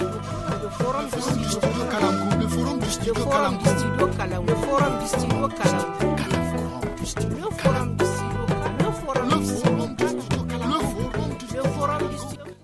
forum Le forum du studio forum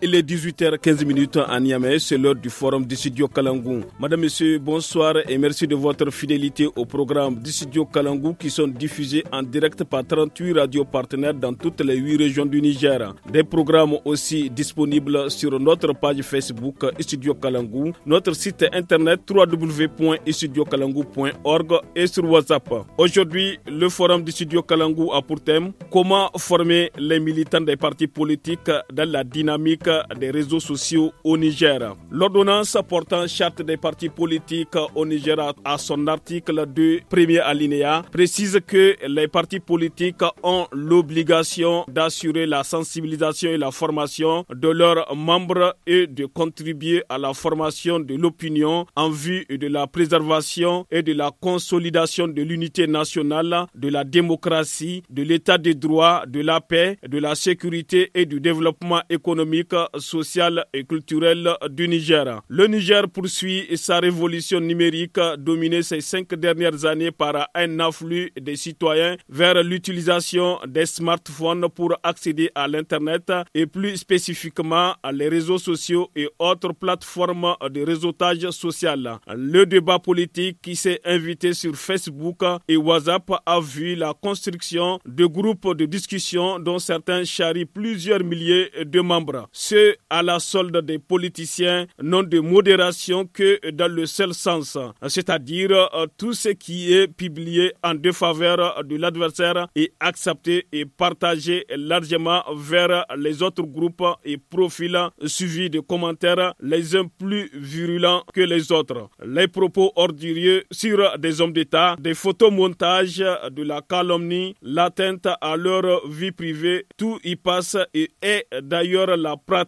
Il est 18h15 à Niamey, c'est l'heure du forum d'Issidio Kalangou. Madame, Monsieur, bonsoir et merci de votre fidélité au programme d'Issidio Kalangou qui sont diffusés en direct par 38 radios partenaires dans toutes les 8 régions du Niger. Des programmes aussi disponibles sur notre page Facebook Studio Kalangou, notre site internet www.istudiokalangou.org et sur WhatsApp. Aujourd'hui, le forum d'Issidio Kalangou a pour thème Comment former les militants des partis politiques dans la dynamique des réseaux sociaux au Niger. L'ordonnance portant charte des partis politiques au Niger à son article 2, premier alinéa, précise que les partis politiques ont l'obligation d'assurer la sensibilisation et la formation de leurs membres et de contribuer à la formation de l'opinion en vue de la préservation et de la consolidation de l'unité nationale, de la démocratie, de l'état des droits, de la paix, de la sécurité et du développement économique social et culturel du Niger. Le Niger poursuit sa révolution numérique dominée ces cinq dernières années par un afflux des citoyens vers l'utilisation des smartphones pour accéder à l'Internet et plus spécifiquement à les réseaux sociaux et autres plateformes de réseautage social. Le débat politique qui s'est invité sur Facebook et WhatsApp a vu la construction de groupes de discussion dont certains charrient plusieurs milliers de membres. Ce à la solde des politiciens, non de modération que dans le seul sens, c'est-à-dire euh, tout ce qui est publié en défaveur de l'adversaire est accepté et partagé largement vers les autres groupes et profils suivis de commentaires les uns plus virulents que les autres. Les propos ordurieux sur des hommes d'État, des photomontages, de la calomnie, l'atteinte à leur vie privée, tout y passe et est d'ailleurs la pratique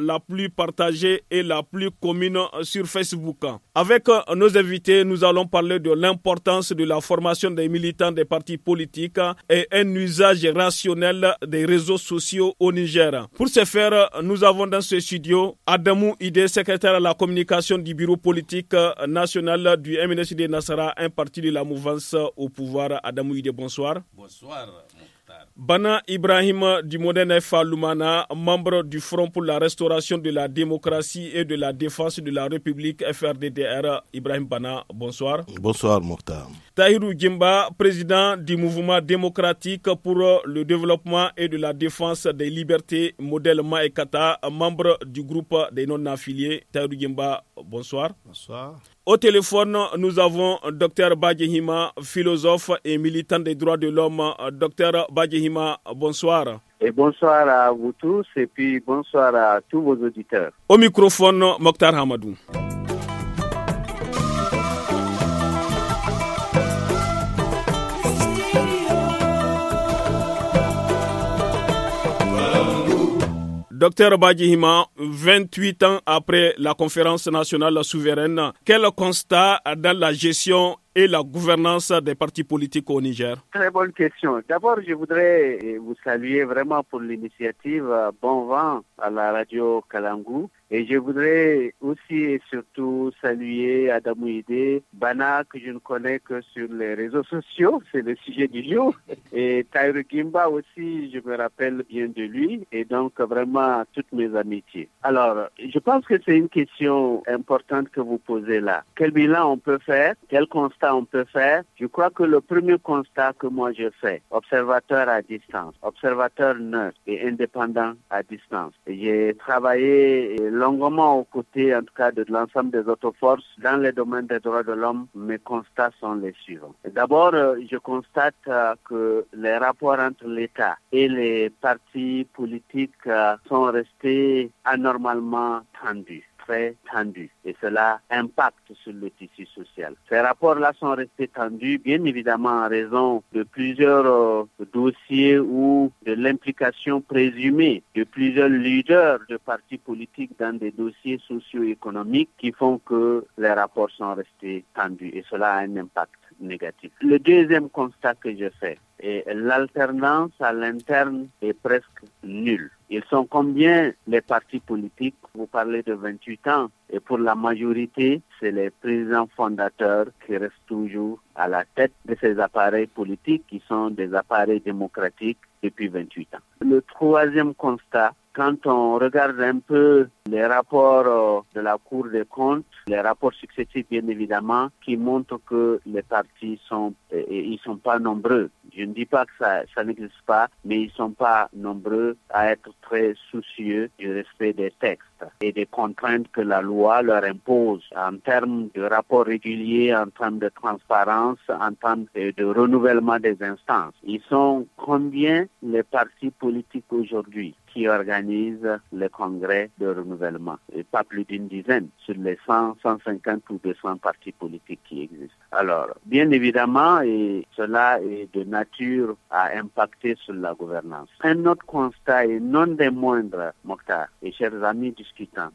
la plus partagée et la plus commune sur Facebook. Avec euh, nos invités, nous allons parler de l'importance de la formation des militants des partis politiques et un usage rationnel des réseaux sociaux au Niger. Pour ce faire, nous avons dans ce studio Adamou Ide, secrétaire à la communication du bureau politique national du MNSD Nassara, un parti de la mouvance au pouvoir. Adamou Ide, bonsoir. Bonsoir. Bana Ibrahim du Modène Falumana, membre du Front pour la restauration de la démocratie et de la défense de la République FRDDR. Ibrahim Bana, bonsoir. Bonsoir Mokhtar. Tahirou Gimba, président du mouvement démocratique pour le développement et de la défense des libertés, modèle Maekata, membre du groupe des non-affiliés. Tahirou Gimba, bonsoir. Bonsoir. Au téléphone, nous avons Dr Badjehima, philosophe et militant des droits de l'homme. Dr Badjehima, bonsoir. Et bonsoir à vous tous et puis bonsoir à tous vos auditeurs. Au microphone, Mokhtar Hamadou. Docteur Badjihima, 28 ans après la conférence nationale souveraine, quel constat dans la gestion et la gouvernance des partis politiques au Niger Très bonne question. D'abord, je voudrais euh, vous saluer vraiment pour l'initiative euh, Bon Vent à la radio Kalangou et je voudrais aussi et surtout saluer Adamouide, Bana, que je ne connais que sur les réseaux sociaux, c'est le sujet du jour. Et Taïru Gimba aussi, je me rappelle bien de lui, et donc vraiment toutes mes amitiés. Alors, je pense que c'est une question importante que vous posez là. Quel bilan on peut faire Quel constat on peut faire Je crois que le premier constat que moi je fais, observateur à distance, observateur neutre et indépendant à distance, j'ai travaillé longuement aux côtés, en tout cas, de l'ensemble des autres forces dans les domaines des droits de l'homme. Mes constats sont les suivants. D'abord, euh, je constate euh, que les rapports entre l'État et les partis politiques euh, sont restés anormalement tendus tendu et cela impacte sur le tissu social. Ces rapports-là sont restés tendus, bien évidemment, en raison de plusieurs euh, dossiers ou de l'implication présumée de plusieurs leaders de partis politiques dans des dossiers socio-économiques qui font que les rapports sont restés tendus et cela a un impact négatif. Le deuxième constat que je fais, est l'alternance à l'interne est presque nul. Ils sont combien les partis politiques Vous parlez de 28 ans. Et pour la majorité, c'est les présidents fondateurs qui restent toujours à la tête de ces appareils politiques qui sont des appareils démocratiques depuis 28 ans. Le troisième constat, quand on regarde un peu les rapports euh, de la Cour des comptes, les rapports successifs bien évidemment, qui montrent que les partis sont, ils sont pas nombreux. Je ne dis pas que ça, ça n'existe pas, mais ils sont pas nombreux à être très soucieux du respect des textes et des contraintes que la loi leur impose en termes de rapports réguliers, en termes de transparence, en termes de, renouvellement des instances. Ils sont combien les partis politiques aujourd'hui qui organisent les congrès de renouvellement, et pas plus d'une dizaine sur les 100, 150 ou 200 partis politiques qui existent. Alors, bien évidemment, et cela est de nature à impacter sur la gouvernance. Un autre constat, et non des moindres, Mokhtar et chers amis du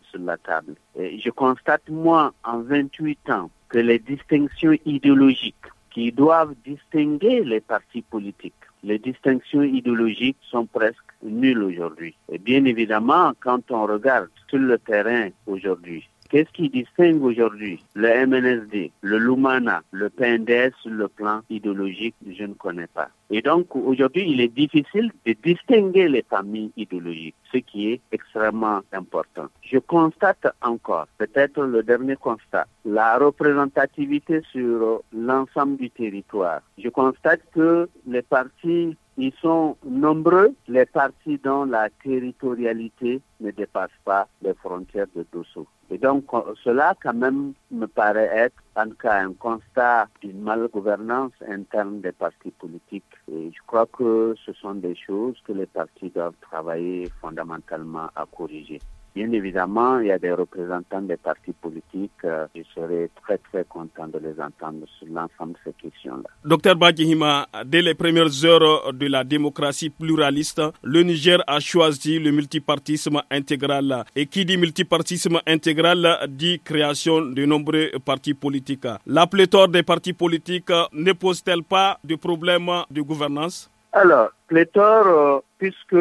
sur la table. Et je constate, moi, en 28 ans, que les distinctions idéologiques qui doivent distinguer les partis politiques, les distinctions idéologiques sont presque nulles aujourd'hui. Et bien évidemment, quand on regarde sur le terrain aujourd'hui, Qu'est-ce qui distingue aujourd'hui le MNSD, le Lumana, le PNDS sur le plan idéologique Je ne connais pas. Et donc aujourd'hui, il est difficile de distinguer les familles idéologiques, ce qui est extrêmement important. Je constate encore, peut-être le dernier constat, la représentativité sur l'ensemble du territoire. Je constate que les partis ils sont nombreux, les partis dont la territorialité ne dépasse pas les frontières de Dosso. Et donc, cela, quand même, me paraît être en tout cas un constat d'une malgouvernance interne des partis politiques. Et je crois que ce sont des choses que les partis doivent travailler fondamentalement à corriger. Bien évidemment, il y a des représentants des partis politiques. Euh, je serais très très content de les entendre sur l'ensemble de ces questions-là. Docteur Bagihima, dès les premières heures de la démocratie pluraliste, le Niger a choisi le multipartisme intégral. Et qui dit multipartisme intégral dit création de nombreux partis politiques. La pléthore des partis politiques ne pose-t-elle pas de problème de gouvernance alors, pléthore, euh, puisque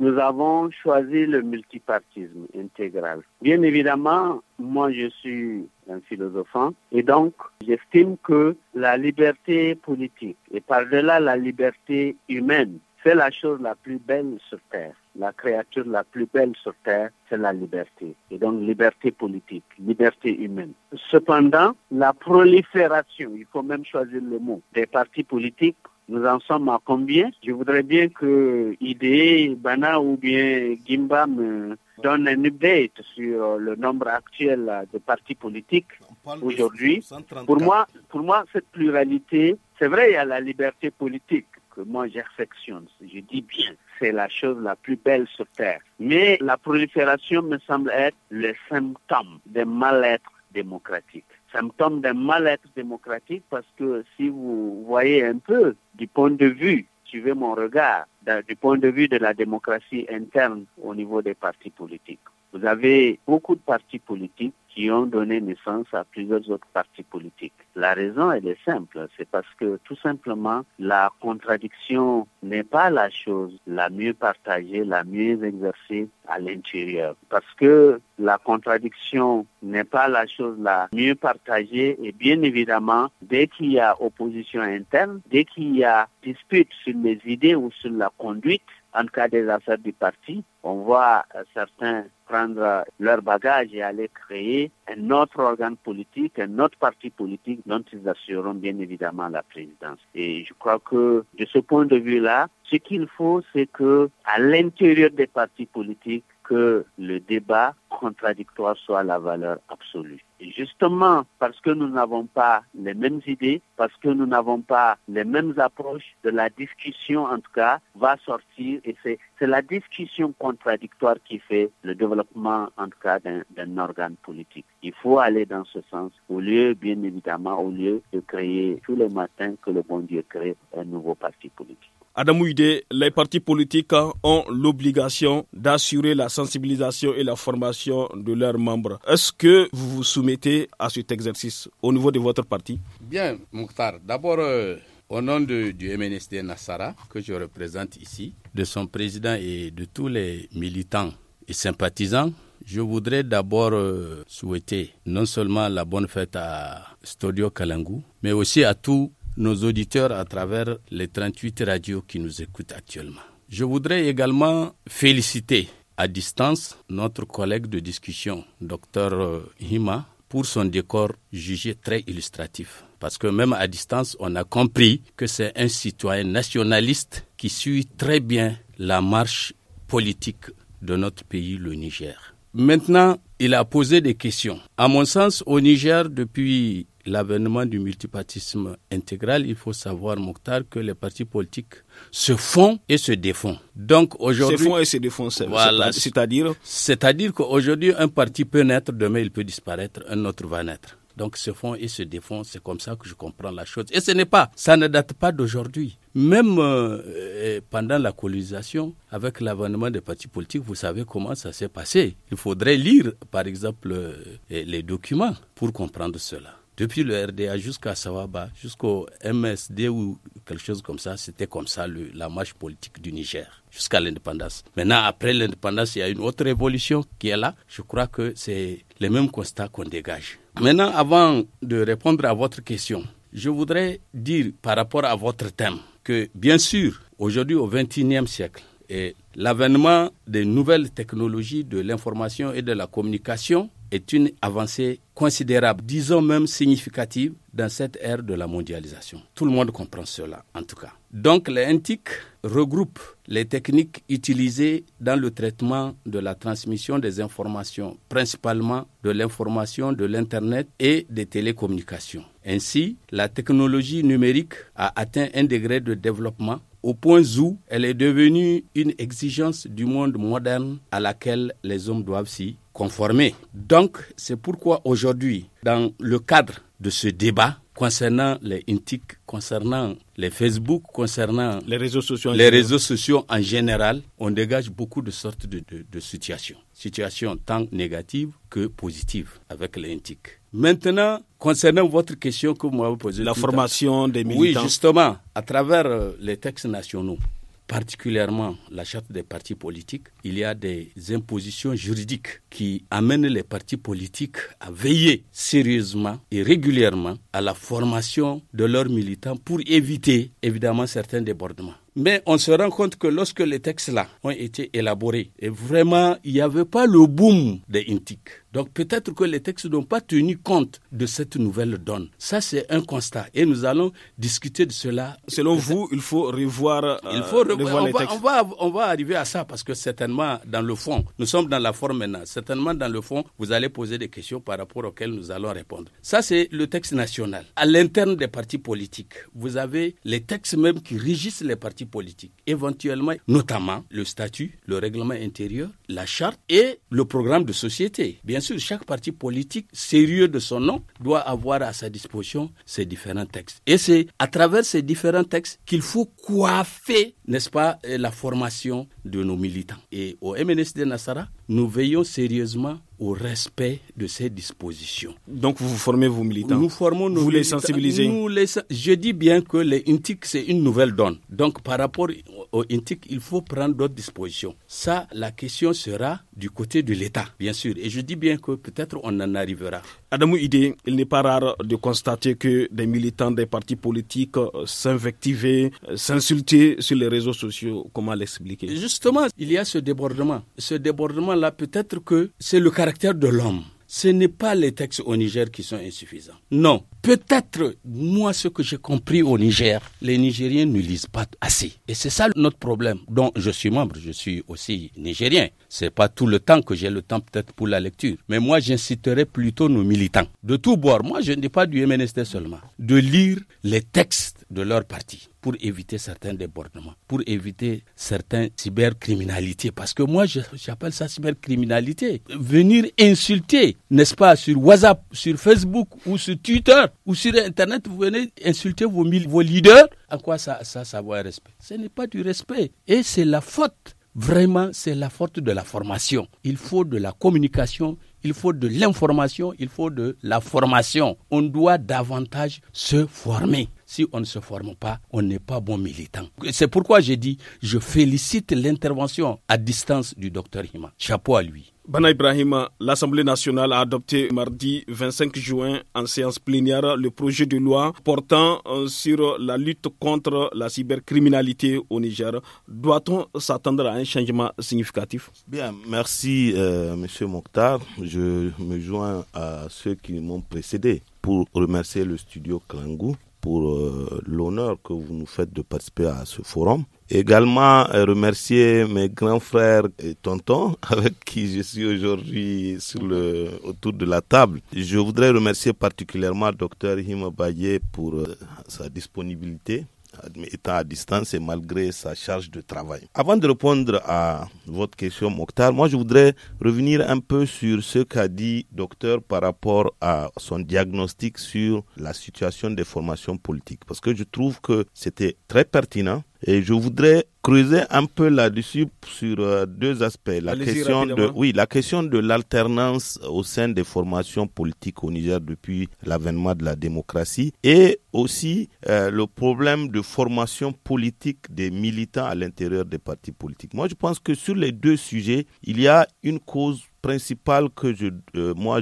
nous avons choisi le multipartisme intégral. Bien évidemment, moi je suis un philosophe, et donc j'estime que la liberté politique et par-delà la liberté humaine, c'est la chose la plus belle sur Terre. La créature la plus belle sur Terre, c'est la liberté. Et donc liberté politique, liberté humaine. Cependant, la prolifération, il faut même choisir le mot, des partis politiques nous en sommes à combien Je voudrais bien que IDE, Bana ou bien Gimba me euh, donne un update sur euh, le nombre actuel euh, de partis politiques aujourd'hui. Pour moi, pour moi, cette pluralité, c'est vrai, il y a la liberté politique que moi j'affectionne. Je dis bien, c'est la chose la plus belle sur Terre. Mais la prolifération me semble être le symptôme des mal-être démocratique. Symptôme d'un mal-être démocratique parce que si vous voyez un peu du point de vue, suivez mon regard, du point de vue de la démocratie interne au niveau des partis politiques, vous avez beaucoup de partis politiques qui ont donné naissance à plusieurs autres partis politiques. La raison, elle est simple, c'est parce que tout simplement, la contradiction n'est pas la chose la mieux partagée, la mieux exercée à l'intérieur. Parce que la contradiction n'est pas la chose la mieux partagée et bien évidemment, dès qu'il y a opposition interne, dès qu'il y a dispute sur les idées ou sur la conduite, en cas des affaires du parti, on voit euh, certains prendre euh, leur bagage et aller créer un autre organe politique, un autre parti politique dont ils assureront bien évidemment la présidence. Et je crois que de ce point de vue-là, ce qu'il faut, c'est que à l'intérieur des partis politiques, que le débat contradictoire soit la valeur absolue. Et justement, parce que nous n'avons pas les mêmes idées, parce que nous n'avons pas les mêmes approches de la discussion, en tout cas, va sortir. Et c'est la discussion contradictoire qui fait le développement, en tout cas, d'un organe politique. Il faut aller dans ce sens, au lieu, bien évidemment, au lieu de créer tous les matins que le bon Dieu crée un nouveau parti politique. Adam les partis politiques ont l'obligation d'assurer la sensibilisation et la formation de leurs membres. Est-ce que vous vous soumettez à cet exercice au niveau de votre parti Bien, Mouktar. D'abord, euh, au nom du MNSD Nassara, que je représente ici, de son président et de tous les militants et sympathisants, je voudrais d'abord euh, souhaiter non seulement la bonne fête à Studio Kalangu, mais aussi à tous nos auditeurs à travers les 38 radios qui nous écoutent actuellement. Je voudrais également féliciter à distance notre collègue de discussion, Dr euh, Hima, pour son décor jugé très illustratif. Parce que même à distance, on a compris que c'est un citoyen nationaliste qui suit très bien la marche politique de notre pays, le Niger. Maintenant, il a posé des questions. À mon sens, au Niger, depuis l'avènement du multipartisme intégral, il faut savoir, Mokhtar, que les partis politiques se font et se défont. Donc aujourd'hui. Se font et se défont, c'est-à-dire C'est-à-dire qu'aujourd'hui, un parti peut naître, demain il peut disparaître, un autre va naître. Donc se font et se défont, c'est comme ça que je comprends la chose. Et ce n'est pas, ça ne date pas d'aujourd'hui. Même euh, euh, pendant la colonisation, avec l'avènement des partis politiques, vous savez comment ça s'est passé. Il faudrait lire, par exemple, euh, les documents pour comprendre cela. Depuis le RDA jusqu'à Sawaba, jusqu'au MSD ou quelque chose comme ça, c'était comme ça la marche politique du Niger jusqu'à l'indépendance. Maintenant, après l'indépendance, il y a une autre révolution qui est là. Je crois que c'est le même constat qu'on dégage. Maintenant, avant de répondre à votre question, je voudrais dire par rapport à votre thème que, bien sûr, aujourd'hui au XXIe siècle, et l'avènement des nouvelles technologies de l'information et de la communication est une avancée considérable, disons même significative, dans cette ère de la mondialisation. Tout le monde comprend cela, en tout cas. Donc, les NTIC regroupent les techniques utilisées dans le traitement de la transmission des informations, principalement de l'information de l'Internet et des télécommunications. Ainsi, la technologie numérique a atteint un degré de développement au point où elle est devenue une exigence du monde moderne à laquelle les hommes doivent s'y conformer. Donc, c'est pourquoi aujourd'hui, dans le cadre de ce débat, concernant les intiques, concernant les Facebook, concernant les réseaux sociaux, en, les réseaux sociaux en général, on dégage beaucoup de sortes de, situations. Situations tant négatives que positives avec les Intik. Maintenant, concernant votre question que vous m'avez posée. La formation des militants. Oui, justement, à travers euh, les textes nationaux particulièrement la charte des partis politiques, il y a des impositions juridiques qui amènent les partis politiques à veiller sérieusement et régulièrement à la formation de leurs militants pour éviter évidemment certains débordements. Mais on se rend compte que lorsque les textes-là ont été élaborés, et vraiment, il n'y avait pas le boom des intiques. Donc peut-être que les textes n'ont pas tenu compte de cette nouvelle donne. Ça, c'est un constat. Et nous allons discuter de cela. Selon vous, il faut revoir, euh, il faut on les va, textes. On va, on va arriver à ça parce que certainement, dans le fond, nous sommes dans la forme maintenant. Certainement, dans le fond, vous allez poser des questions par rapport auxquelles nous allons répondre. Ça, c'est le texte national. À l'interne des partis politiques, vous avez les textes même qui régissent les partis politiques. Éventuellement, notamment le statut, le règlement intérieur, la charte et le programme de société. Bien sûr, chaque parti politique sérieux de son nom doit avoir à sa disposition ces différents textes. Et c'est à travers ces différents textes qu'il faut coiffer, n'est-ce pas, la formation de nos militants. Et au MNSD Nassara, nous veillons sérieusement au respect de ces dispositions. Donc vous formez vos militants Nous formons nos Vous les sensibilisez Je dis bien que les INTIC, c'est une nouvelle donne. Donc par rapport aux INTIC, il faut prendre d'autres dispositions. Ça, la question sera du côté de l'État, bien sûr. Et je dis bien que peut-être on en arrivera. Adamou Idé, il n'est pas rare de constater que des militants des partis politiques euh, s'invectivaient, euh, s'insultaient sur les réseaux sociaux. Comment l'expliquer Justement, il y a ce débordement. Ce débordement-là, peut-être que c'est le caractère de l'homme ce n'est pas les textes au Niger qui sont insuffisants. Non. Peut-être, moi, ce que j'ai compris au Niger, les Nigériens ne lisent pas assez. Et c'est ça notre problème, dont je suis membre, je suis aussi nigérien. C'est pas tout le temps que j'ai le temps peut-être pour la lecture. Mais moi, j'inciterai plutôt nos militants de tout boire. moi je ne dis pas du MNST seulement, de lire les textes de leur parti pour éviter certains débordements, pour éviter certaines cybercriminalités. Parce que moi, j'appelle ça cybercriminalité. Venir insulter, n'est-ce pas, sur WhatsApp, sur Facebook ou sur Twitter ou sur Internet, vous venez insulter vos, vos leaders. à quoi ça, ça, ça vaut respect Ce n'est pas du respect. Et c'est la faute. Vraiment, c'est la faute de la formation. Il faut de la communication, il faut de l'information, il faut de la formation. On doit davantage se former. Si on ne se forme pas, on n'est pas bon militant. C'est pourquoi j'ai dit, je félicite l'intervention à distance du docteur Hima. Chapeau à lui. Bana Ibrahima, l'Assemblée nationale a adopté mardi 25 juin en séance plénière le projet de loi portant euh, sur la lutte contre la cybercriminalité au Niger. Doit-on s'attendre à un changement significatif Bien, merci euh, Monsieur Mokhtar. Je me joins à ceux qui m'ont précédé pour remercier le studio Klangou pour euh, l'honneur que vous nous faites de participer à ce forum. Également, euh, remercier mes grands frères et tontons avec qui je suis aujourd'hui sur le, autour de la table. Je voudrais remercier particulièrement docteur Hima Baye pour euh, sa disponibilité étant à distance et malgré sa charge de travail. Avant de répondre à votre question, Mokhtar. Moi, je voudrais revenir un peu sur ce qu'a dit docteur par rapport à son diagnostic sur la situation des formations politiques, parce que je trouve que c'était très pertinent. Et je voudrais creuser un peu là-dessus sur euh, deux aspects. La question de, oui, la question de l'alternance au sein des formations politiques au Niger depuis l'avènement de la démocratie et aussi euh, le problème de formation politique des militants à l'intérieur des partis politiques. Moi, je pense que sur les deux sujets, il y a une cause principale que je, euh, moi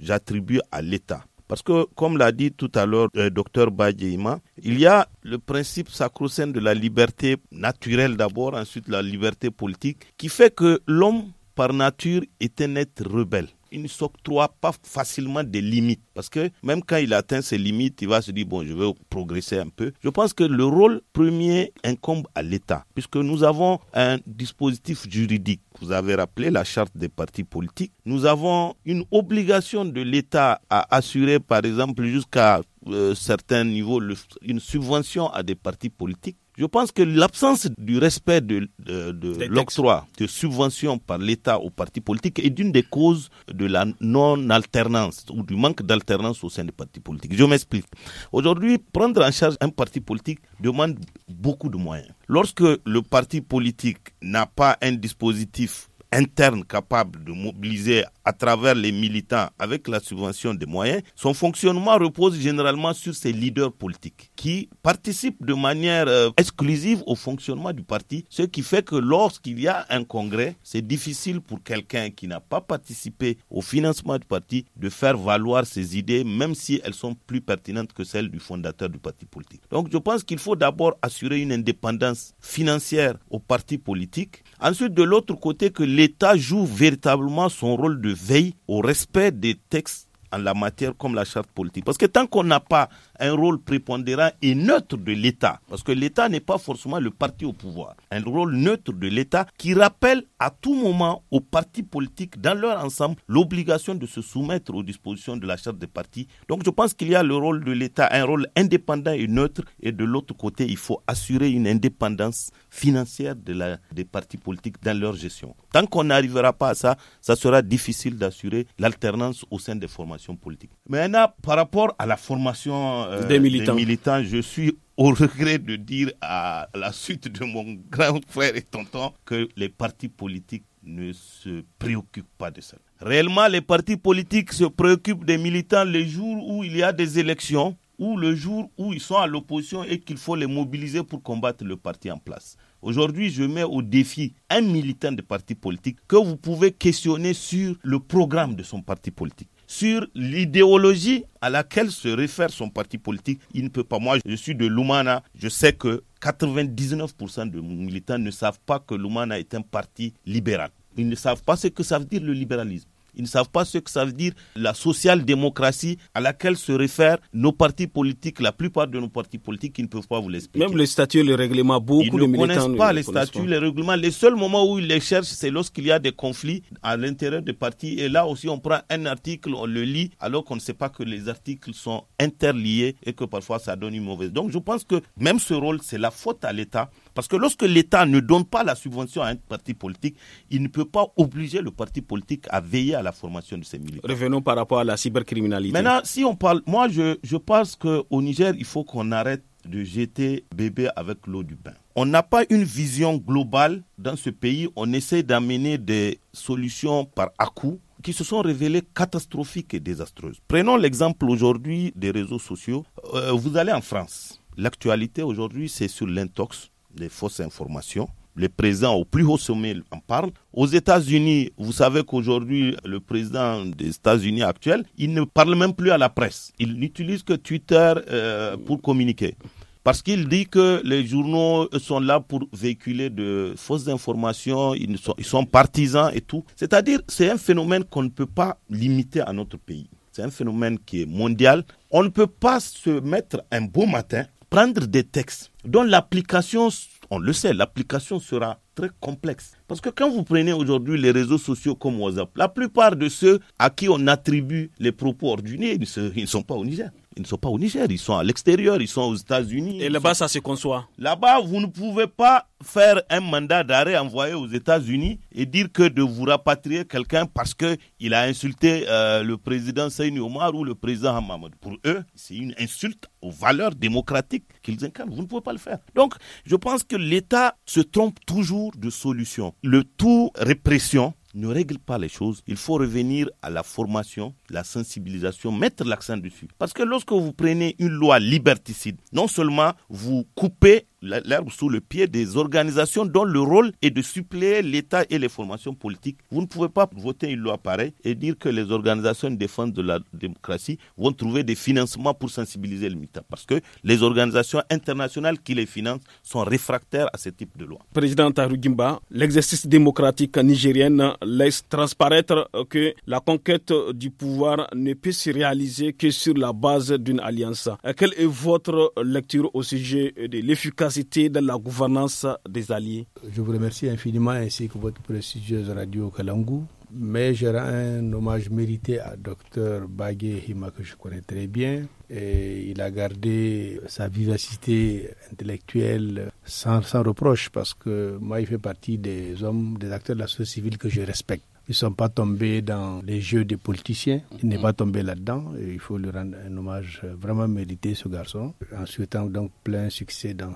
j'attribue à l'État. Parce que, comme l'a dit tout à l'heure le euh, docteur Badjeima, il y a le principe sacro-saint de la liberté naturelle d'abord, ensuite la liberté politique, qui fait que l'homme, par nature, est un être rebelle il ne s'octroie pas facilement des limites. Parce que même quand il atteint ses limites, il va se dire, bon, je vais progresser un peu. Je pense que le rôle premier incombe à l'État, puisque nous avons un dispositif juridique. Vous avez rappelé la charte des partis politiques. Nous avons une obligation de l'État à assurer, par exemple, jusqu'à euh, certains niveaux, une subvention à des partis politiques. Je pense que l'absence du respect de, de, de l'octroi de subvention par l'État aux parti politiques est d'une des causes de la non-alternance ou du manque d'alternance au sein des partis politiques. Je m'explique. Aujourd'hui, prendre en charge un parti politique demande beaucoup de moyens. Lorsque le parti politique n'a pas un dispositif interne capable de mobiliser à travers les militants avec la subvention des moyens, son fonctionnement repose généralement sur ses leaders politiques qui participent de manière euh, exclusive au fonctionnement du parti, ce qui fait que lorsqu'il y a un congrès, c'est difficile pour quelqu'un qui n'a pas participé au financement du parti de faire valoir ses idées, même si elles sont plus pertinentes que celles du fondateur du parti politique. Donc je pense qu'il faut d'abord assurer une indépendance financière au parti politique Ensuite, de l'autre côté, que l'État joue véritablement son rôle de veille au respect des textes en la matière comme la charte politique. Parce que tant qu'on n'a pas un rôle prépondérant et neutre de l'État, parce que l'État n'est pas forcément le parti au pouvoir, un rôle neutre de l'État qui rappelle à tout moment aux partis politiques dans leur ensemble l'obligation de se soumettre aux dispositions de la charte des partis. Donc je pense qu'il y a le rôle de l'État, un rôle indépendant et neutre, et de l'autre côté, il faut assurer une indépendance financière de la, des partis politiques dans leur gestion. Tant qu'on n'arrivera pas à ça, ça sera difficile d'assurer l'alternance au sein des formations politiques. Maintenant, par rapport à la formation euh, des militants. Je suis au regret de dire à la suite de mon grand frère et tonton que les partis politiques ne se préoccupent pas de ça. Réellement, les partis politiques se préoccupent des militants le jour où il y a des élections ou le jour où ils sont à l'opposition et qu'il faut les mobiliser pour combattre le parti en place. Aujourd'hui, je mets au défi un militant de parti politique que vous pouvez questionner sur le programme de son parti politique sur l'idéologie à laquelle se réfère son parti politique, il ne peut pas. Moi, je suis de Lumana, je sais que 99% de militants ne savent pas que Lumana est un parti libéral. Ils ne savent pas ce que ça veut dire le libéralisme. Ils ne savent pas ce que ça veut dire la social-démocratie à laquelle se réfèrent nos partis politiques, la plupart de nos partis politiques qui ne peuvent pas vous l'expliquer. Même les statuts, les règlements, beaucoup ils ne connaissent pas les, statuts, les règlements. Les seuls moments où ils les cherchent, c'est lorsqu'il y a des conflits à l'intérieur des partis. Et là aussi, on prend un article, on le lit, alors qu'on ne sait pas que les articles sont interliés et que parfois ça donne une mauvaise. Donc je pense que même ce rôle, c'est la faute à l'État parce que lorsque l'État ne donne pas la subvention à un parti politique, il ne peut pas obliger le parti politique à veiller à la formation de ses militants. Revenons par rapport à la cybercriminalité. Maintenant, si on parle, moi je, je pense qu'au Niger, il faut qu'on arrête de jeter bébé avec l'eau du bain. On n'a pas une vision globale dans ce pays. On essaie d'amener des solutions par à-coup qui se sont révélées catastrophiques et désastreuses. Prenons l'exemple aujourd'hui des réseaux sociaux. Euh, vous allez en France. L'actualité aujourd'hui, c'est sur l'intox, des fausses informations. Le président au plus haut sommet en parle. Aux États-Unis, vous savez qu'aujourd'hui, le président des États-Unis actuel, il ne parle même plus à la presse. Il n'utilise que Twitter euh, pour communiquer. Parce qu'il dit que les journaux sont là pour véhiculer de fausses informations, ils sont, ils sont partisans et tout. C'est-à-dire, c'est un phénomène qu'on ne peut pas limiter à notre pays. C'est un phénomène qui est mondial. On ne peut pas se mettre un beau matin, prendre des textes dont l'application, on le sait, l'application sera très complexe. Parce que quand vous prenez aujourd'hui les réseaux sociaux comme WhatsApp, la plupart de ceux à qui on attribue les propos ordinaires, ils ne sont pas au Niger. Ils ne sont pas au Niger, ils sont à l'extérieur, ils sont aux États-Unis. Et là-bas, ça se conçoit Là-bas, vous ne pouvez pas faire un mandat d'arrêt envoyé aux États-Unis et dire que de vous rapatrier quelqu'un parce qu'il a insulté euh, le président Seyni Omar ou le président Hamamad. Pour eux, c'est une insulte aux valeurs démocratiques qu'ils incarnent. Vous ne pouvez pas le faire. Donc, je pense que l'État se trompe toujours de solution. Le tout répression ne règle pas les choses. Il faut revenir à la formation, la sensibilisation, mettre l'accent dessus. Parce que lorsque vous prenez une loi liberticide, non seulement vous coupez l'herbe sous le pied des organisations dont le rôle est de suppléer l'État et les formations politiques. Vous ne pouvez pas voter une loi pareille et dire que les organisations défendent de la démocratie vont trouver des financements pour sensibiliser le MITA parce que les organisations internationales qui les financent sont réfractaires à ce type de loi. Président Tarugimba, l'exercice démocratique nigérien laisse transparaître que la conquête du pouvoir ne peut se réaliser que sur la base d'une alliance. Quelle est votre lecture au sujet de l'efficacité de la gouvernance des alliés. Je vous remercie infiniment ainsi que votre prestigieuse radio Kalangou. Mais je rends un hommage mérité à Dr Bagué Hima que je connais très bien. Et il a gardé sa vivacité intellectuelle sans, sans reproche parce que moi il fait partie des hommes, des acteurs de la société civile que je respecte. Ils ne sont pas tombés dans les jeux des politiciens. Il n'est mm. pas tombé là-dedans. Il faut lui rendre un hommage vraiment mérité, ce garçon, en souhaitant donc plein succès dans,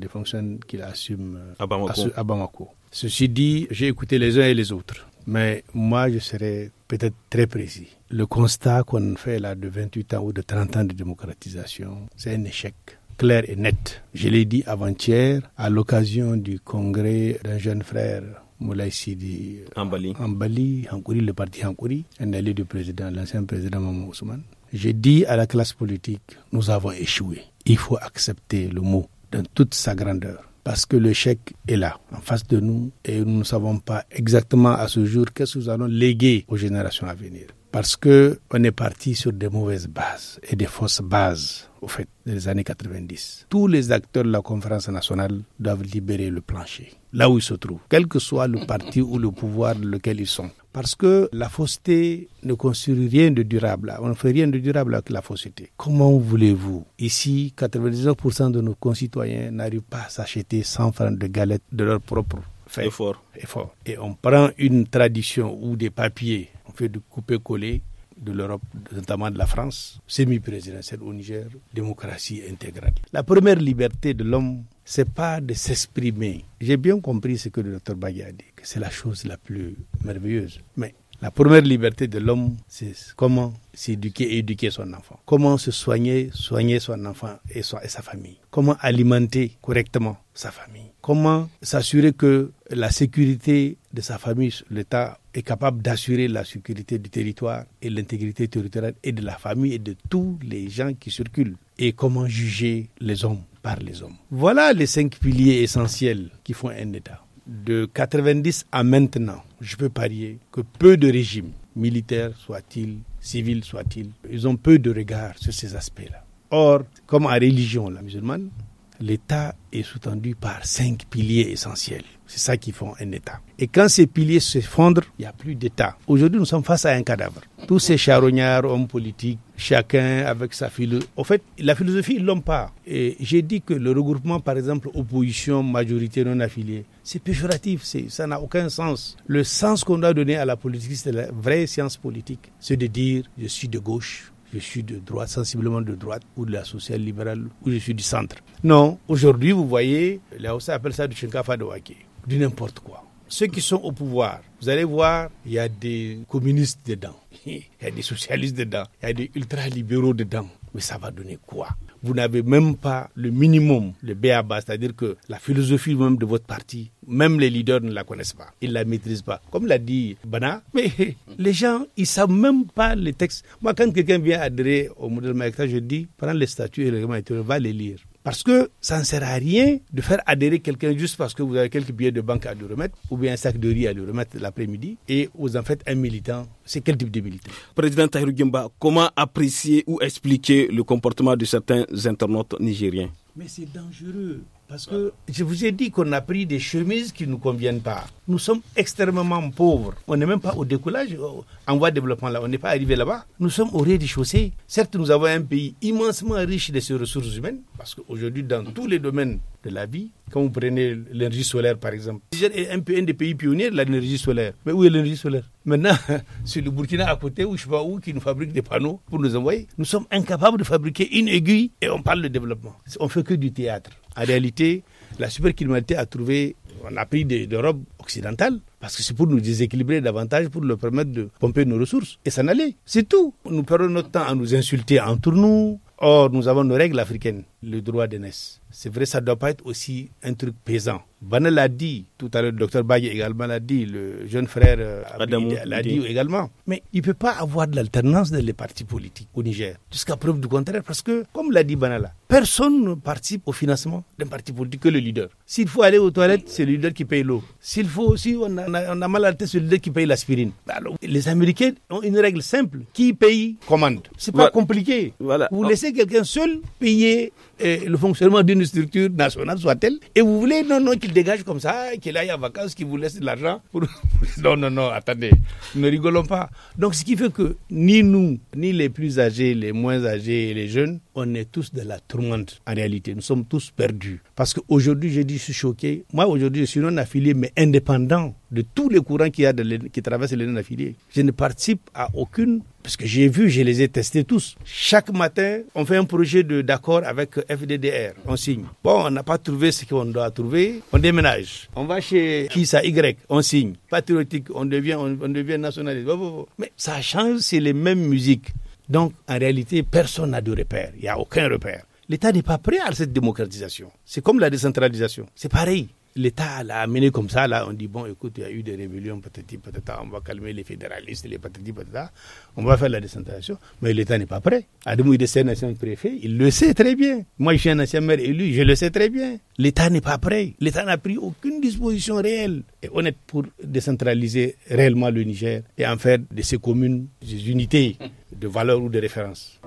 les fonctions qu'il assume euh, à Bamako. à Bamako. Ceci dit, j'ai écouté les uns et les autres. Mais moi, je serais peut-être très précis. Le constat qu'on fait là de 28 ans ou de 30 ans de démocratisation, c'est un échec clair et net. Je l'ai dit avant-hier à l'occasion du congrès d'un jeune frère Moulay Sidi Ambali, euh, Ambali Hankouri, le parti Hankouri, un allié du président, l'ancien président Maman Ousmane. J'ai dit à la classe politique, nous avons échoué. Il faut accepter le mot dans toute sa grandeur. Parce que l'échec est là, en face de nous, et nous ne savons pas exactement à ce jour qu'est-ce que nous allons léguer aux générations à venir parce que on est parti sur des mauvaises bases et des fausses bases au fait des années 90. Tous les acteurs de la conférence nationale doivent libérer le plancher là où ils se trouvent, quel que soit le parti ou le pouvoir dans lequel ils sont. Parce que la fausseté ne construit rien de durable. On ne fait rien de durable avec la fausseté. Comment voulez-vous Ici, 99% de nos concitoyens n'arrivent pas à s'acheter 100 francs de galettes de leur propre effort. effort. Et on prend une tradition ou des papiers, on fait du couper-coller de l'Europe, notamment de la France, semi-présidentielle au Niger, démocratie intégrale. La première liberté de l'homme, c'est pas de s'exprimer. J'ai bien compris ce que le docteur Bagui a dit, que c'est la chose la plus merveilleuse. Mais la première liberté de l'homme, c'est comment s'éduquer et éduquer son enfant. Comment se soigner, soigner son enfant et, et sa famille. Comment alimenter correctement sa famille. Comment s'assurer que la sécurité de sa famille, l'État est capable d'assurer la sécurité du territoire et l'intégrité territoriale et de la famille et de tous les gens qui circulent Et comment juger les hommes par les hommes Voilà les cinq piliers essentiels qui font un État. De 90 à maintenant, je peux parier que peu de régimes, militaires soient-ils, civils soient-ils, ils ont peu de regard sur ces aspects-là. Or, comme à religion, la musulmane, l'État est sous-tendu par cinq piliers essentiels. C'est ça qui font un État. Et quand ces piliers s'effondrent, il n'y a plus d'État. Aujourd'hui, nous sommes face à un cadavre. Tous ces charognards, hommes politiques, chacun avec sa philosophie. Au fait, la philosophie, ils l'ont pas. Et j'ai dit que le regroupement, par exemple, opposition, majorité non affiliée, c'est péjoratif, ça n'a aucun sens. Le sens qu'on doit donner à la politique, c'est la vraie science politique. C'est de dire, je suis de gauche, je suis de droite, sensiblement de droite, ou de la sociale libérale, ou je suis du centre. Non, aujourd'hui, vous voyez, là aussi, appelle ça du chinkafa de du n'importe quoi. Ceux qui sont au pouvoir, vous allez voir, il y a des communistes dedans, il y a des socialistes dedans, il y a des ultralibéraux dedans. Mais ça va donner quoi vous n'avez même pas le minimum, le bas, c'est-à-dire que la philosophie même de votre parti, même les leaders ne la connaissent pas, ils ne la maîtrisent pas. Comme l'a dit Bana, mais les gens, ils ne savent même pas les textes. Moi, quand quelqu'un vient adhérer au modèle Maïkta, je dis, prends les statuts et les règlements va les lire. Parce que ça ne sert à rien de faire adhérer quelqu'un juste parce que vous avez quelques billets de banque à lui remettre ou bien un sac de riz à lui remettre l'après-midi et vous en faites un militant. C'est quel type de militant Président Tahirou Gimba, comment apprécier ou expliquer le comportement de certains internautes nigériens Mais c'est dangereux. Parce que je vous ai dit qu'on a pris des chemises qui ne nous conviennent pas. Nous sommes extrêmement pauvres. On n'est même pas au décollage, euh, en voie de développement là. On n'est pas arrivé là-bas. Nous sommes au rez-de-chaussée. Certes, nous avons un pays immensement riche de ses ressources humaines, parce qu'aujourd'hui, dans tous les domaines, de la vie. Quand vous prenez l'énergie solaire, par exemple, C'est un, des pays pionniers de l'énergie solaire. Mais où est l'énergie solaire Maintenant, c'est le Burkina à côté, ou je sais pas où, qui nous fabrique des panneaux pour nous envoyer. Nous sommes incapables de fabriquer une aiguille et on parle de développement. On fait que du théâtre. En réalité, la supercriminalité a trouvé, on a pris d'Europe occidentale, parce que c'est pour nous déséquilibrer davantage, pour leur permettre de pomper nos ressources et s'en aller. C'est tout. Nous perdons notre temps à nous insulter entre nous. Or, nous avons nos règles africaines le droit d'aînesse. C'est vrai, ça ne doit pas être aussi un truc pesant. Bana l'a dit, tout à l'heure le docteur Baye également l'a dit, le jeune frère euh, l'a dit également. Mais il ne peut pas avoir de l'alternance dans les partis politiques au Niger, jusqu'à preuve du contraire, parce que, comme l'a dit Banala, personne ne participe au financement d'un parti politique que le leader. S'il faut aller aux toilettes, c'est le leader qui paye l'eau. S'il faut aussi, on a, on a mal à la tête, c'est le leader qui paye l'aspirine. Bah, les Américains ont une règle simple, qui paye commande. C'est pas compliqué. Voilà. Vous laissez quelqu'un seul payer et le fonctionnement d'une structure nationale soit elle Et vous voulez, non, non, qu'il dégage comme ça, qu'il aille en vacances, qu'il vous laisse de l'argent. Pour... non, non, non, attendez, ne rigolons pas. Donc, ce qui fait que ni nous, ni les plus âgés, les moins âgés les jeunes, on est tous de la tourmente en réalité. Nous sommes tous perdus. Parce qu'aujourd'hui, je dit, je suis choqué. Moi, aujourd'hui, je suis non affilié, mais indépendant de tous les courants qui, a de qui traversent les non affiliés. Je ne participe à aucune parce que j'ai vu, je les ai testés tous. Chaque matin, on fait un projet d'accord avec FDDR. On signe. Bon, on n'a pas trouvé ce qu'on doit trouver. On déménage. On va chez qui ça Y. On signe. Patriotique. On devient, on, devient nationaliste. Mais ça change, c'est les mêmes musiques. Donc, en réalité, personne n'a de repère. Il n'y a aucun repère. L'État n'est pas prêt à cette démocratisation. C'est comme la décentralisation. C'est pareil l'État l'a amené comme ça, là, on dit, bon, écoute, il y a eu des révolutions, on va calmer les fédéralistes, les on va faire la décentralisation, mais l'État n'est pas prêt. Ademou, il est un ancien préfet, il le sait très bien. Moi, je suis un ancien maire élu, je le sais très bien. L'État n'est pas prêt. L'État n'a pris aucune disposition réelle et honnête pour décentraliser réellement le Niger et en faire de ces communes des unités de valeur ou de référence.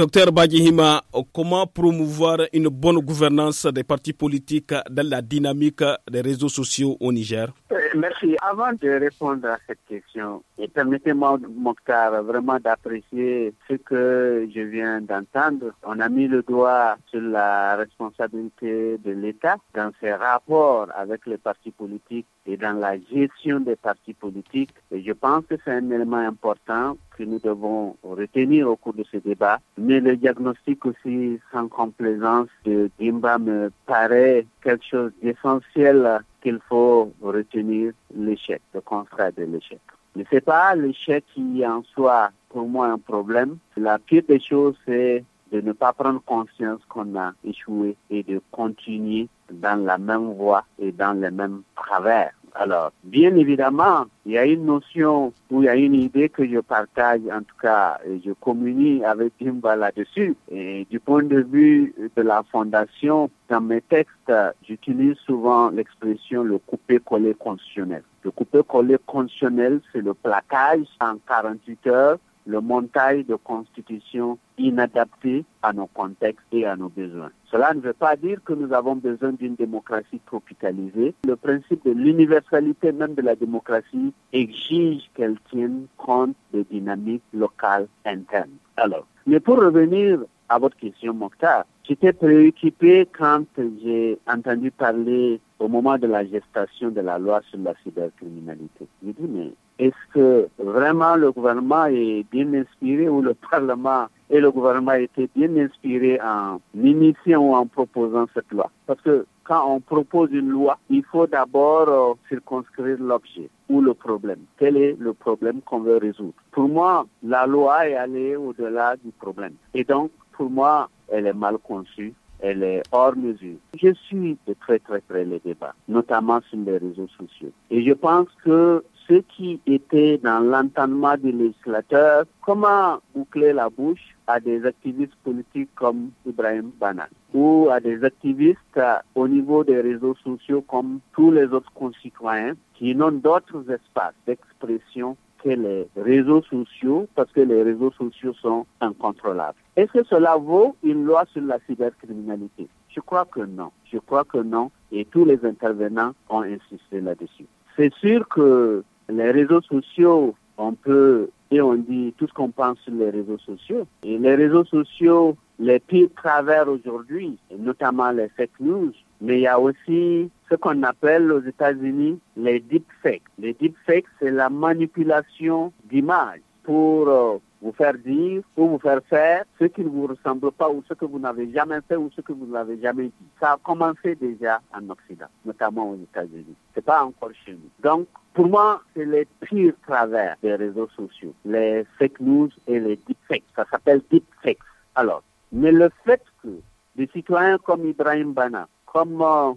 Docteur Badjihima, comment promouvoir une bonne gouvernance des partis politiques dans la dynamique des réseaux sociaux au Niger euh, Merci. Avant de répondre à cette question, permettez-moi, Mokhtar, vraiment d'apprécier ce que je viens d'entendre. On a mis le doigt sur la responsabilité de l'État dans ses rapports avec les partis politiques et dans la gestion des partis politiques. Et je pense que c'est un élément important que nous devons retenir au cours de ce débat. Mais le diagnostic aussi sans complaisance de Dimba me paraît quelque chose d'essentiel qu'il faut retenir l'échec, le contraire de l'échec. Mais c'est pas l'échec qui en soit pour moi un problème. La pire des choses, c'est de ne pas prendre conscience qu'on a échoué et de continuer dans la même voie et dans les même travers. Alors, bien évidemment, il y a une notion ou il y a une idée que je partage, en tout cas, et je communie avec Pimba là-dessus. Et du point de vue de la fondation, dans mes textes, j'utilise souvent l'expression le coupé-collé constitutionnel. Le coupé-collé constitutionnel, c'est le plaquage en 48 heures le montage de constitutions inadaptées à nos contextes et à nos besoins. Cela ne veut pas dire que nous avons besoin d'une démocratie tropicalisée. Le principe de l'universalité même de la démocratie exige qu'elle tienne compte des dynamiques locales internes. Alors, mais pour revenir à votre question, Mokhtar, j'étais préoccupé quand j'ai entendu parler au moment de la gestation de la loi sur la cybercriminalité. Je dit, mais est-ce que vraiment le gouvernement est bien inspiré ou le Parlement et le gouvernement étaient bien inspirés en initiant ou en proposant cette loi Parce que quand on propose une loi, il faut d'abord euh, circonscrire l'objet ou le problème. Quel est le problème qu'on veut résoudre Pour moi, la loi est allée au-delà du problème. Et donc, pour moi, elle est mal conçue elle est hors mesure. Je suis de très très près les débats, notamment sur les réseaux sociaux. Et je pense que ceux qui étaient dans l'entendement des législateurs, comment boucler la bouche à des activistes politiques comme Ibrahim Bana ou à des activistes euh, au niveau des réseaux sociaux comme tous les autres concitoyens qui n'ont d'autres espaces d'expression que les réseaux sociaux parce que les réseaux sociaux sont incontrôlables. Est-ce que cela vaut une loi sur la cybercriminalité Je crois que non. Je crois que non et tous les intervenants ont insisté là-dessus. C'est sûr que les réseaux sociaux on peut, et on dit tout ce qu'on pense sur les réseaux sociaux. Et les réseaux sociaux, les pires travers aujourd'hui, notamment les fake news, mais il y a aussi ce qu'on appelle aux États-Unis les deepfakes. Les deepfakes, c'est la manipulation d'images pour euh, vous faire dire ou vous faire faire ce qui ne vous ressemble pas ou ce que vous n'avez jamais fait ou ce que vous n'avez jamais dit. Ça a commencé déjà en Occident, notamment aux États-Unis. C'est pas encore chez nous. Donc, pour moi, c'est les pires travers des réseaux sociaux, les fake news et les deepfakes. Ça s'appelle deepfakes. Alors, mais le fait que des citoyens comme Ibrahim Bana, comme euh,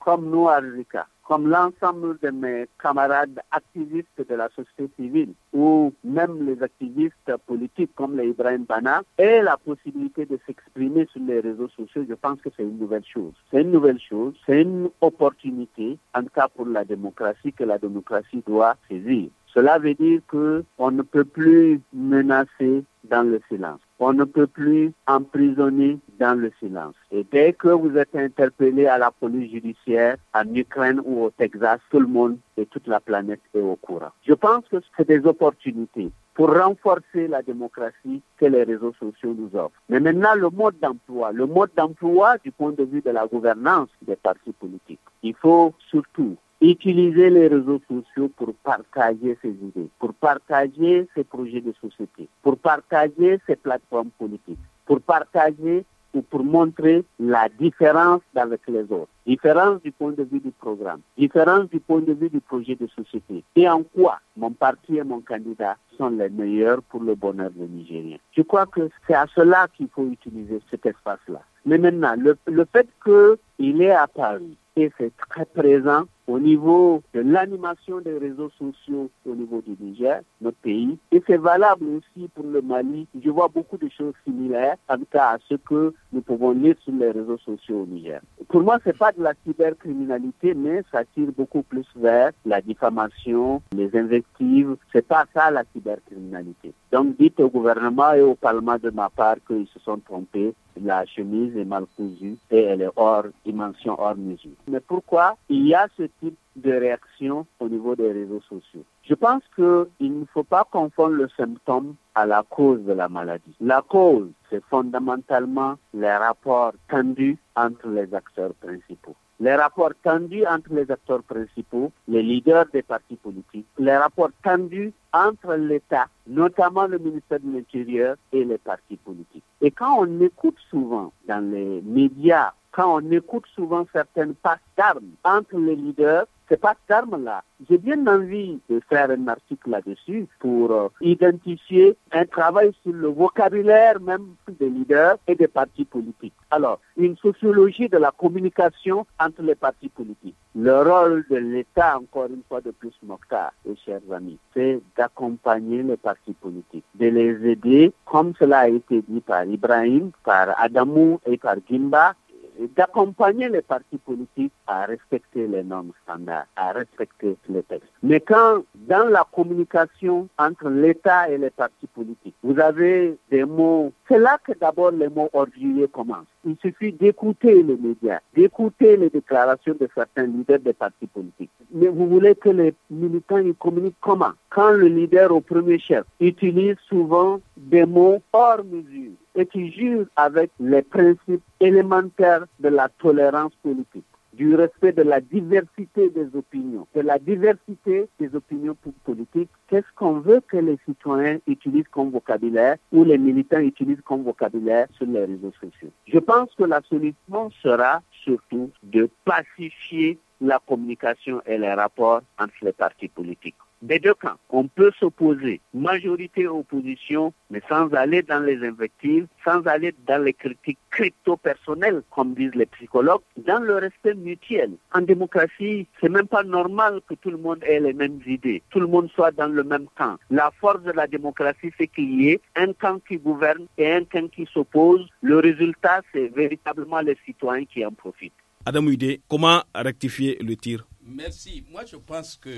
comme Noah Rika, comme l'ensemble de mes camarades activistes de la société civile ou même les activistes politiques comme les Ibrahim Bana et la possibilité de s'exprimer sur les réseaux sociaux, je pense que c'est une nouvelle chose. C'est une nouvelle chose, c'est une opportunité, en tout cas pour la démocratie, que la démocratie doit saisir. Cela veut dire que on ne peut plus menacer dans le silence. On ne peut plus emprisonner dans le silence. Et dès que vous êtes interpellé à la police judiciaire en Ukraine ou au Texas, tout le monde et toute la planète est au courant. Je pense que c'est des opportunités pour renforcer la démocratie que les réseaux sociaux nous offrent. Mais maintenant, le mode d'emploi, le mode d'emploi du point de vue de la gouvernance des partis politiques. Il faut surtout utiliser les réseaux sociaux pour partager ses idées, pour partager ses projets de société, pour partager ses plateformes politiques, pour partager ou pour montrer la différence avec les autres, différence du point de vue du programme, différence du point de vue du projet de société et en quoi mon parti et mon candidat sont les meilleurs pour le bonheur des Nigériens. Je crois que c'est à cela qu'il faut utiliser cet espace-là. Mais maintenant, le, le fait qu'il est à Paris et c'est très présent au niveau de l'animation des réseaux sociaux au niveau du Niger, notre pays. Et c'est valable aussi pour le Mali. Je vois beaucoup de choses similaires en tout cas à ce que nous pouvons lire sur les réseaux sociaux au Niger. Pour moi, c'est pas de la cybercriminalité, mais ça tire beaucoup plus vers la diffamation, les invectives. C'est pas ça la cybercriminalité. Donc dites au gouvernement et au Parlement de ma part qu'ils se sont trompés la chemise est mal cousue et elle est hors dimension, hors mesure. Mais pourquoi il y a ce de réaction au niveau des réseaux sociaux. Je pense qu'il ne faut pas confondre le symptôme à la cause de la maladie. La cause, c'est fondamentalement les rapports tendus entre les acteurs principaux. Les rapports tendus entre les acteurs principaux, les leaders des partis politiques, les rapports tendus entre l'État, notamment le ministère de l'Intérieur et les partis politiques. Et quand on écoute souvent dans les médias quand on écoute souvent certaines passes d'armes entre les leaders, ces passes d'armes-là, j'ai bien envie de faire un article là-dessus pour euh, identifier un travail sur le vocabulaire même des leaders et des partis politiques. Alors, une sociologie de la communication entre les partis politiques. Le rôle de l'État, encore une fois de plus, Mokhtar et chers amis, c'est d'accompagner les partis politiques, de les aider, comme cela a été dit par Ibrahim, par Adamou et par Gimba, d'accompagner les partis politiques à respecter les normes standards, à respecter les textes. Mais quand dans la communication entre l'État et les partis politiques, vous avez des mots, c'est là que d'abord les mots orduriers commencent. Il suffit d'écouter les médias, d'écouter les déclarations de certains leaders des partis politiques. Mais vous voulez que les militants y communiquent comment Quand le leader au premier chef utilise souvent des mots hors mesure et qui jure avec les principes élémentaires de la tolérance politique du respect de la diversité des opinions, de la diversité des opinions politiques. Qu'est-ce qu'on veut que les citoyens utilisent comme vocabulaire ou les militants utilisent comme vocabulaire sur les réseaux sociaux Je pense que la solution sera surtout de pacifier la communication et les rapports entre les partis politiques des deux camps. On peut s'opposer, majorité opposition, mais sans aller dans les invectives, sans aller dans les critiques crypto-personnelles, comme disent les psychologues, dans le respect mutuel. En démocratie, c'est même pas normal que tout le monde ait les mêmes idées, tout le monde soit dans le même camp. La force de la démocratie, c'est qu'il y ait un camp qui gouverne et un camp qui s'oppose. Le résultat, c'est véritablement les citoyens qui en profitent. Adam Uide, comment rectifier le tir Merci. Moi, je pense que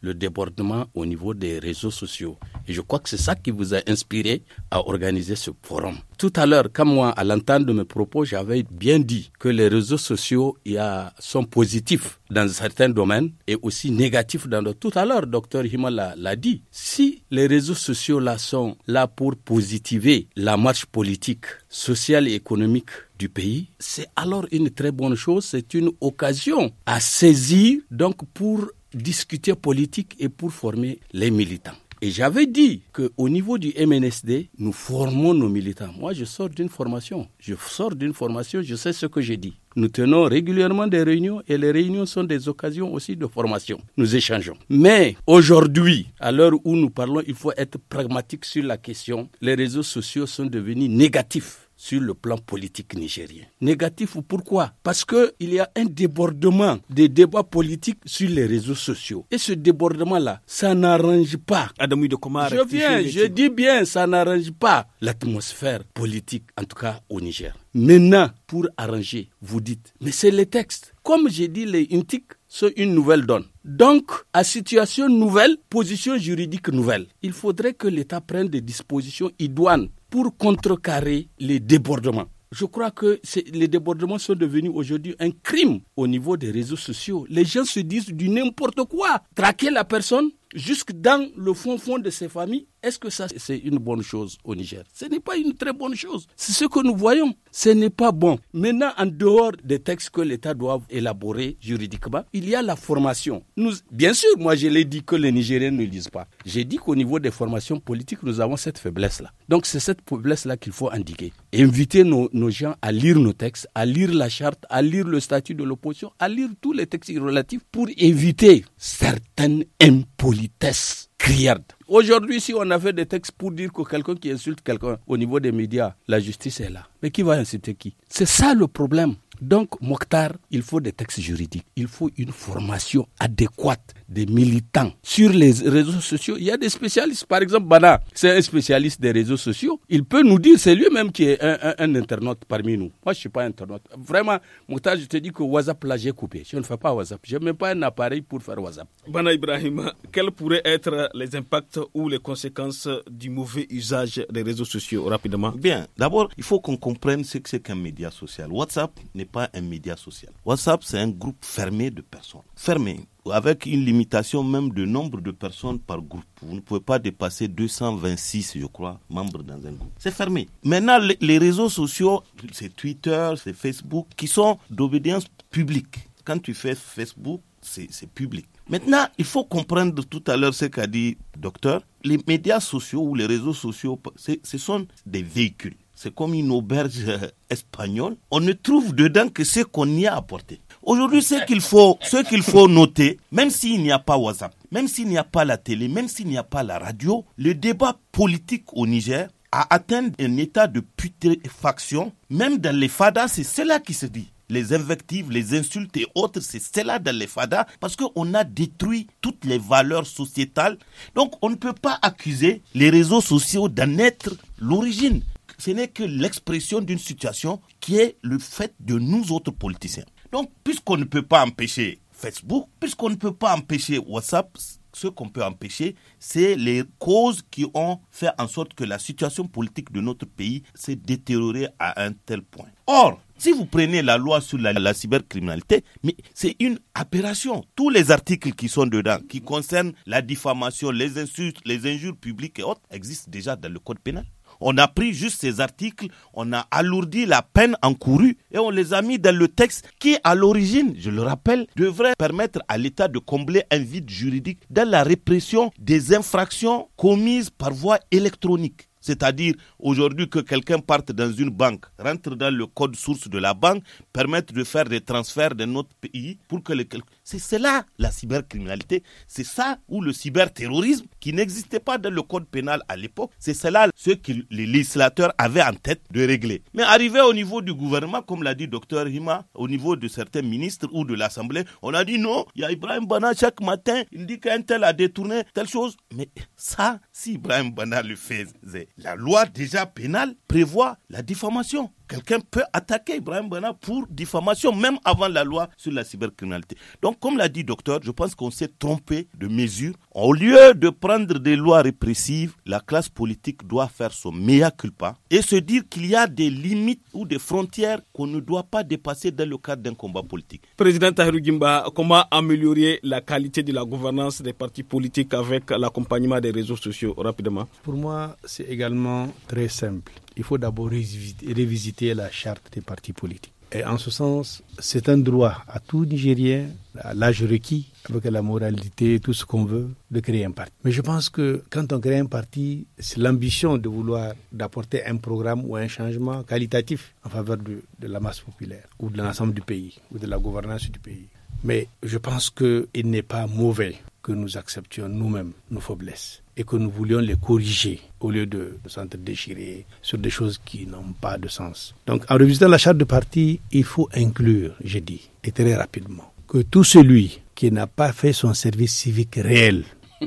le débordement au niveau des réseaux sociaux, et je crois que c'est ça qui vous a inspiré à organiser ce forum. Tout à l'heure, quand moi, à l'entente de mes propos, j'avais bien dit que les réseaux sociaux y a, sont positifs dans certains domaines et aussi négatifs dans d'autres. Tout à l'heure, docteur Himala l'a dit. Si les réseaux sociaux là sont là pour positiver la marche politique, sociale et économique du pays, c'est alors une très bonne chose, c'est une occasion à saisir donc pour discuter politique et pour former les militants. Et j'avais dit qu'au niveau du MNSD, nous formons nos militants. Moi, je sors d'une formation. Je sors d'une formation, je sais ce que j'ai dit. Nous tenons régulièrement des réunions et les réunions sont des occasions aussi de formation. Nous échangeons. Mais aujourd'hui, à l'heure où nous parlons, il faut être pragmatique sur la question. Les réseaux sociaux sont devenus négatifs sur le plan politique nigérien. Négatif ou pourquoi Parce qu'il y a un débordement des débats politiques sur les réseaux sociaux. Et ce débordement-là, ça n'arrange pas. je viens, je dis bien, ça n'arrange pas l'atmosphère politique, en tout cas au Niger. Maintenant, pour arranger, vous dites, mais c'est le textes. Comme j'ai dit, les intiques sont une nouvelle donne. Donc, à situation nouvelle, position juridique nouvelle, il faudrait que l'État prenne des dispositions idoines pour contrecarrer les débordements. Je crois que les débordements sont devenus aujourd'hui un crime au niveau des réseaux sociaux. Les gens se disent du n'importe quoi. Traquer la personne, jusque dans le fond fond de ces familles, est-ce que ça c'est une bonne chose au Niger Ce n'est pas une très bonne chose. C'est ce que nous voyons. Ce n'est pas bon. Maintenant, en dehors des textes que l'État doit élaborer juridiquement, il y a la formation. Nous, bien sûr, moi je l'ai dit que les Nigériens ne lisent pas. J'ai dit qu'au niveau des formations politiques, nous avons cette faiblesse-là. Donc c'est cette faiblesse-là qu'il faut indiquer. Inviter nos, nos gens à lire nos textes, à lire la charte, à lire le statut de l'opposition, à lire tous les textes relatifs pour éviter certaines impolitions vitesse criarde. Aujourd'hui, si on a fait des textes pour dire que quelqu'un qui insulte quelqu'un au niveau des médias, la justice est là. Mais qui va insulter qui C'est ça le problème. Donc, Mokhtar, il faut des textes juridiques, il faut une formation adéquate des militants. Sur les réseaux sociaux, il y a des spécialistes. Par exemple, Bana, c'est un spécialiste des réseaux sociaux. Il peut nous dire, c'est lui-même qui est un, internaute parmi nous. Moi, je ne suis pas internaute. Vraiment, Mouta, je te dis que WhatsApp, là, j'ai coupé. Je ne fais pas WhatsApp. Je n'ai même pas un appareil pour faire WhatsApp. Bana Ibrahim, quels pourraient être les impacts ou les conséquences du mauvais usage des réseaux sociaux rapidement Bien, d'abord, il faut qu'on comprenne ce que c'est qu'un média social. WhatsApp n'est pas un média social. WhatsApp, c'est un groupe fermé de personnes. Fermé avec une limitation même de nombre de personnes par groupe. Vous ne pouvez pas dépasser 226, je crois, membres dans un groupe. C'est fermé. Maintenant, les réseaux sociaux, c'est Twitter, c'est Facebook, qui sont d'obédience publique. Quand tu fais Facebook, c'est public. Maintenant, il faut comprendre tout à l'heure ce qu'a dit le docteur. Les médias sociaux ou les réseaux sociaux, ce sont des véhicules. C'est comme une auberge espagnole. On ne trouve dedans que ce qu'on y a apporté. Aujourd'hui, ce qu'il faut, ce qu'il faut noter, même s'il n'y a pas WhatsApp, même s'il n'y a pas la télé, même s'il n'y a pas la radio, le débat politique au Niger a atteint un état de putréfaction. Même dans les fadas, c'est cela qui se dit les invectives, les insultes et autres, c'est cela dans les fadas, parce qu'on a détruit toutes les valeurs sociétales. Donc on ne peut pas accuser les réseaux sociaux d'en être l'origine. Ce n'est que l'expression d'une situation qui est le fait de nous autres politiciens. Donc, puisqu'on ne peut pas empêcher Facebook, puisqu'on ne peut pas empêcher WhatsApp, ce qu'on peut empêcher, c'est les causes qui ont fait en sorte que la situation politique de notre pays s'est détériorée à un tel point. Or, si vous prenez la loi sur la, cybercriminalité, c'est une aberration. Tous les articles qui sont dedans, qui concernent la diffamation, les insultes, les injures publiques et autres, existent déjà dans le code pénal. On a pris juste ces articles, on a alourdi la peine encourue et on les a mis dans le texte qui, à l'origine, je le rappelle, devrait permettre à l'État de combler un vide juridique dans la répression des infractions commises par voie électronique. C'est-à-dire aujourd'hui que quelqu'un parte dans une banque, rentre dans le code source de la banque, permettre de faire des transferts d'un autre pays pour que les... C'est cela la cybercriminalité, c'est ça ou le cyberterrorisme qui n'existait pas dans le code pénal à l'époque, c'est cela ce que les législateurs avaient en tête de régler. Mais arrivé au niveau du gouvernement, comme l'a dit docteur Hima, au niveau de certains ministres ou de l'Assemblée, on a dit non, il y a Ibrahim Bana chaque matin, il dit qu'un tel a détourné telle chose. Mais ça, si Ibrahim Bana le faisait, la loi déjà pénale prévoit la diffamation. Quelqu'un peut attaquer Ibrahim Bana pour diffamation, même avant la loi sur la cybercriminalité. Donc, comme l'a dit docteur, je pense qu'on s'est trompé de mesure. Au lieu de prendre des lois répressives, la classe politique doit faire son mea culpa et se dire qu'il y a des limites ou des frontières qu'on ne doit pas dépasser dans le cadre d'un combat politique. Président Tahirou Gimba, comment améliorer la qualité de la gouvernance des partis politiques avec l'accompagnement des réseaux sociaux rapidement Pour moi, c'est également très simple il faut d'abord révisiter la charte des partis politiques. Et en ce sens, c'est un droit à tout Nigérien, à l'âge requis, avec la moralité, tout ce qu'on veut, de créer un parti. Mais je pense que quand on crée un parti, c'est l'ambition de vouloir d'apporter un programme ou un changement qualitatif en faveur de, de la masse populaire, ou de l'ensemble du pays, ou de la gouvernance du pays. Mais je pense qu'il n'est pas mauvais que nous acceptions nous-mêmes nos faiblesses et que nous voulions les corriger au lieu de s'entre-déchirer sur des choses qui n'ont pas de sens. Donc, en revisitant la charte de parti, il faut inclure, j'ai dit, et très rapidement, que tout celui qui n'a pas fait son service civique réel,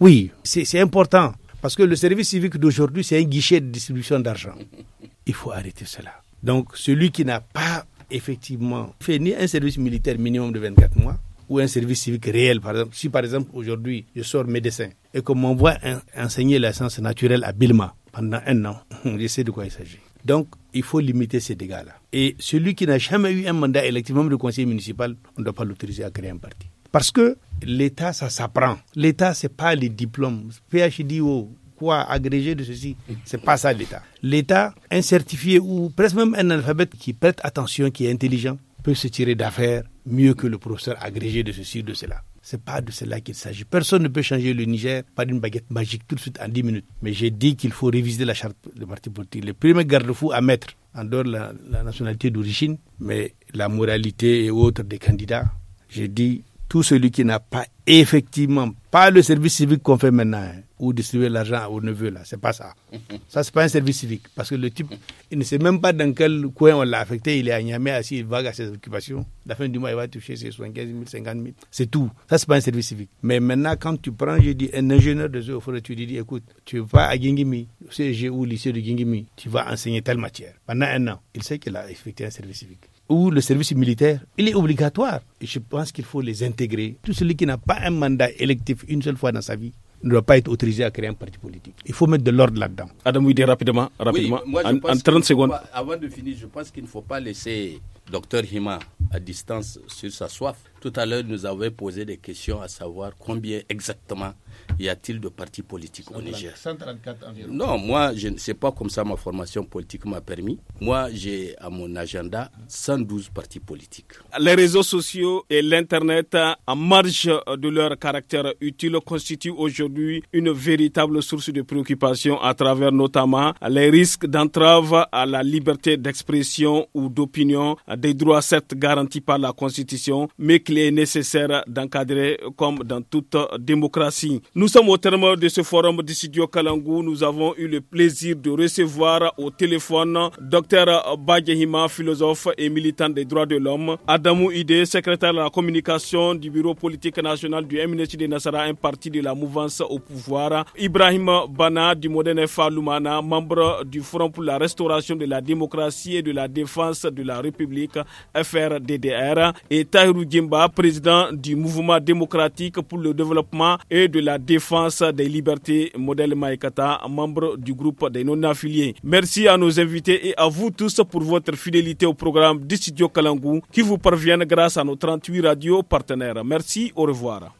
oui, c'est important, parce que le service civique d'aujourd'hui, c'est un guichet de distribution d'argent. Il faut arrêter cela. Donc, celui qui n'a pas effectivement fait ni un service militaire minimum de 24 mois, ou un service civique réel, par exemple. Si par exemple aujourd'hui je sors médecin et qu'on m'envoie enseigner la science naturelle à Bilma pendant un an, je sais de quoi il s'agit. Donc il faut limiter ces dégâts-là. Et celui qui n'a jamais eu un mandat électif, même de conseiller municipal, on ne doit pas l'autoriser à créer un parti. Parce que l'État, ça s'apprend. L'État, ce n'est pas les diplômes. PhD ou quoi, agrégé de ceci, c'est pas ça l'État. L'État, un certifié ou presque même un alphabète qui prête attention, qui est intelligent, peut se tirer d'affaires mieux que le professeur agrégé de ceci ou de cela. n'est pas de cela qu'il s'agit. Personne ne peut changer le Niger par une baguette magique tout de suite en 10 minutes. Mais j'ai dit qu'il faut réviser la charte des parti politique. Le premier garde-fou à mettre, en dehors de la, nationalité d'origine, mais la moralité et autres des candidats, j'ai dit tout celui qui n'a pas effectivement, pas le service civique qu'on fait maintenant, hein, ou distribuer l'argent au neveu là, c'est pas ça. Ça c'est pas un service civique parce que le type il ne sait même pas dans quel coin on l'a affecté, il est à Niamey assis, il vague à ses occupations. La fin du mois il va toucher ses 75 000, 50 000, c'est tout. Ça c'est pas un service civique. Mais maintenant quand tu prends, je dis un ingénieur de eaux tu lui dis écoute, tu vas à Gingimi, au CG ou au lycée de Gingimi, tu vas enseigner telle matière pendant un an. Il sait qu'il a effectué un service civique ou le service militaire, il est obligatoire. Et je pense qu'il faut les intégrer. Tout celui qui n'a pas un mandat électif une seule fois dans sa vie, ne doit pas être autorisé à créer un parti politique. Il faut mettre de l'ordre là-dedans. Adam Ouidé, rapidement, rapidement en, 30 secondes. avant de finir, je pense qu'il ne faut pas laisser docteur Hima à distance sur sa soif. Tout à l'heure, nous avait posé des questions à savoir combien exactement y a-t-il de partis politiques au Niger Non, moi, je ne sais pas comme ça ma formation politique m'a permis. Moi, j'ai à mon agenda 112 partis politiques. Les réseaux sociaux et l'Internet, en marge de leur caractère utile, constituent aujourd'hui une véritable source de préoccupation à travers notamment les risques d'entrave à la liberté d'expression ou d'opinion des droits certes garantis par la Constitution, mais qu'il est nécessaire d'encadrer comme dans toute démocratie. Nous sommes au terme de ce forum du studio Kalangou. Nous avons eu le plaisir de recevoir au téléphone Dr Badjehima, philosophe et militant des droits de l'homme, Adamou Hide, secrétaire de la communication du Bureau politique national du MNH de Nassara, un parti de la mouvance au pouvoir, Ibrahim Bana du Modène Lumana, membre du Front pour la restauration de la démocratie et de la défense de la République, FRDDR et Tahirou gimba président du mouvement démocratique pour le développement et de la défense des libertés modèle Maïkata, membre du groupe des non-affiliés. Merci à nos invités et à vous tous pour votre fidélité au programme du studio Kalangou qui vous parvient grâce à nos 38 radios partenaires. Merci, au revoir.